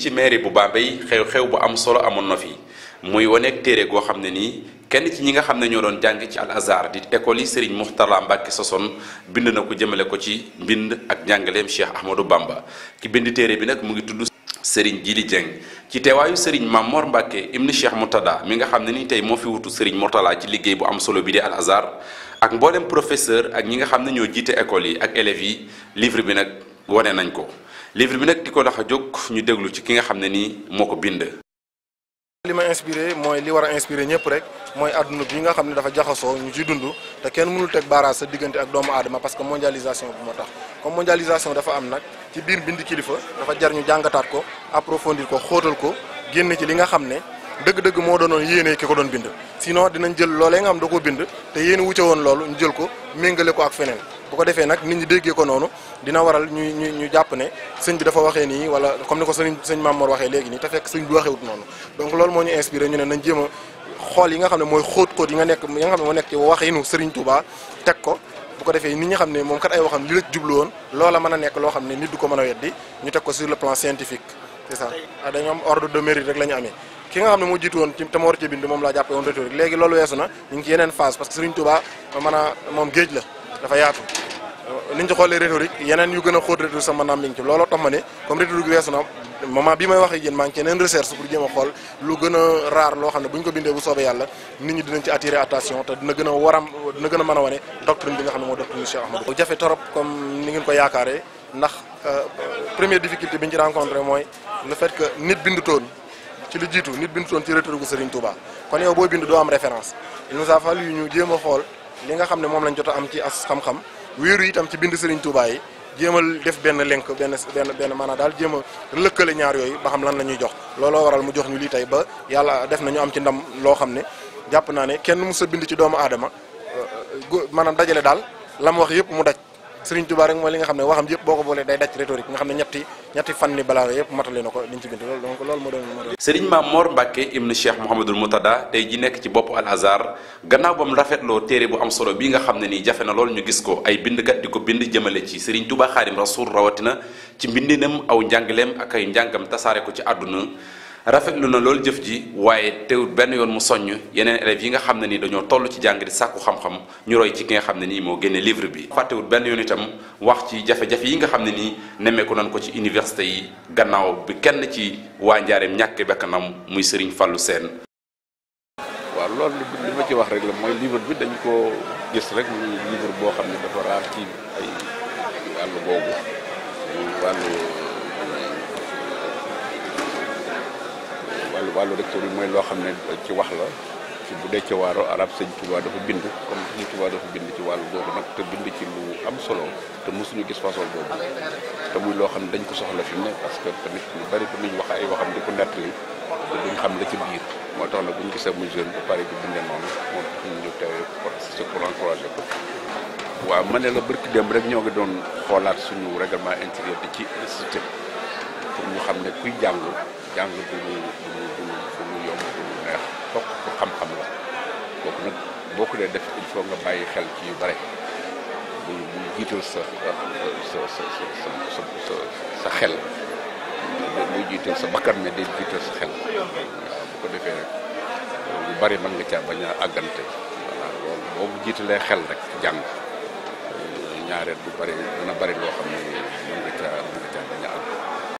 ci mairie bu Bambey xew-xew bu am solo amoon na fi muy waneeg téere goo xam ne nii kenn ci ñi nga xam ne ñoo doon jàng ci al azhar di école yi Serigne Mourtala Mbacke sosoon bind na ko jëmale ko ci mbind ak njàngaleem Cheikh Ahmadou Bamba ki bind téere bi nag mu ngi tudd Serigne Djili Dieng ci teewaayu Serigne Mamor Mbacke ibn Cheikh Moutada mi nga xam ne ni tey moo fi wutu Serigne Mourtala ci liggéey bu am solo bi di al azhar ak mboolem professeur ak ñi nga xam ne ñoo jiite école yi ak élèves yi livre bi nag wane nañ ko. livre bi nag di ko tax a jóg ñu déglu ci ki nga xam ne nii moo ko bind. li ma inspiré mooy li war a inspiré ñëpp rek mooy àdduna bi nga xam ne dafa jaxasoo ñu ciy dund te kenn mënul teg baaraas sa diggante ak doomu aadama parce que mondialisation bi moo tax comme mondialisation dafa am nag ci biir bind kilifa dafa jar ñu jàngataat ko approfondir ko xóotal ko génn ci li nga xam ne dëgg-dëgg moo doonoon yéene ki ko doon bind sinon dinañ jël loole nga xam koo bind te yéen woon loolu jël ko méngale ko ak feneen ko defee nag nit ñi déggee ko noonu dina waral ñu ñu jàpp ne sëñ bi dafa waxee nii wala comme ni ko sëñ sëñ Mamor waxee léegi nii te fekk sëñ bi waxewut noonu donc loolu moo ñu inspiré ñu a xool yi nga xam ne mooy yi nga nekk yi nga xam ne moo nekk nit ñi xam ne moom kat ay waxam li la jublu woon loo xam ne nit du ko mën a weddi ñu teg ko sur le plan scientifique c'est ça ah dañu am ordre de mérite rek la ñu ki nga xam ne moo jiitu woon ci te ma war ci bind moom laa jàppee woon rhétorique léegi loolu weesu na ñu ngi ci yeneen phase parce que Serigne Touba mën a moom géej la dafa yaatu Euh, ni ñu ci xoolee rhétorique yenen yu gëna a rhétorique sama mën naa mi ci looloo tax mané comme rhétorique weesu na moment bi may wax ak yéen maa ci yeneen recherche pour jéem xol lu gëna rar lo loo buñ ko bindé bu soobé yalla nit ñi dinañ ci attirer attention té dina gëna waram dina gëna mëna mën a doctrine bi nga xam mo moo doctrine Cheikh Ahmadou jafé torop comme ni ngeen ko yaakaaree ndax euh, première difficulté bi ñu ci rencontré mooy le fait que nit bindu ton ci li jitu nit bindu ton ci rhétorique Serigne Touba kon yow boy bindu do am référence il nous a fallu ñu jéem xol li nga xam mom lañ jotta am ci as xam-xam wéeru itam ci bind Serigne Touba yi jéemal def benn lenk benn benn benn maanaam daal jéem a lëkkale ñaar yooyu ba xam lan la ñuy jox looloo waral mu jox ñu lii tey ba yàlla def na am ci ndam loo xam ne jàpp naa ne kenn mu sa bind ci doomu aadama euh, maanaam dajale daal la wax yëpp mu daj Serigne Touba rek mooy li nga xam ne waxam yëpp boo ko boolee day daj rhétorique nga xam ne ñetti ñetti fanni balaa yëpp matale na ko liñ ci bind loolu donc loolu moo doon moo tey ji nekk ci bopp Al Azhar gannaaw ba mu rafetloo téere bu am solo bi nga xam ne nii jafe na loolu ñu gis ko ay bindkat di ko bind jëmale ci Serigne Touba Xaadim Rasul rawatina ci mbindinam aw njàngaleem ak ay njàngam tasaare ko ci àdduna rafet lu na loolu jëf ji waaye teewut benn yoon mu soññ yeneen élèves yi nga xam ne ni dañoo toll ci jàng di sàkku xam-xam ñu roy ci ki nga xam ne ni moo génne livre bi fàttewut benn yoon itam wax ci jafe-jafe yi nga xam ne nii nemmeeku nañ ko ci université yi gannaaw bi kenn ci waa njaareem ñàkk bekkanam muy sëriñ Fallou seen waaw loolu li ma ci wax rek la mooy livre bi dañ ko gis rek muy livre boo xam ne dafa raar ci ay boobu wàllu recteur yi mooy loo xam ne ci wax la ci bu ci arab sëñ Tuubaa dafa bind comme sëñ Tuubaa dafa bind ci wàllu boobu nag te bind ci lu am solo te mosuñu gis façon boobu te muy lo, xam dañ ko soxla fi ne parce que tamit lu bari dinañ wax ay waxam di ko nettali te duñ xam la ci biir moo tax nag buñ gisee muy jeune ba pare di bindee noonu moom ñu ñu teewee pour pour encourager ko la barki rek doon suñu règlement intérieur di ci pour ñu xam kuy jàng jàng du lu du du lu neex fokk ko xam-xam la boo ko dee def il faut nga bàyyi xel ci yu bare bul bul jiital sa sa sa sa sa sa xel bul jiital sa bakkan mais day jiital sa xel waaw bu ko defee lu bari mën nga caa bañ àggante voilà loolu boobu jiitalee xel rek jàng ñaareel bu bari dana bari loo xam ne mën nga caa mën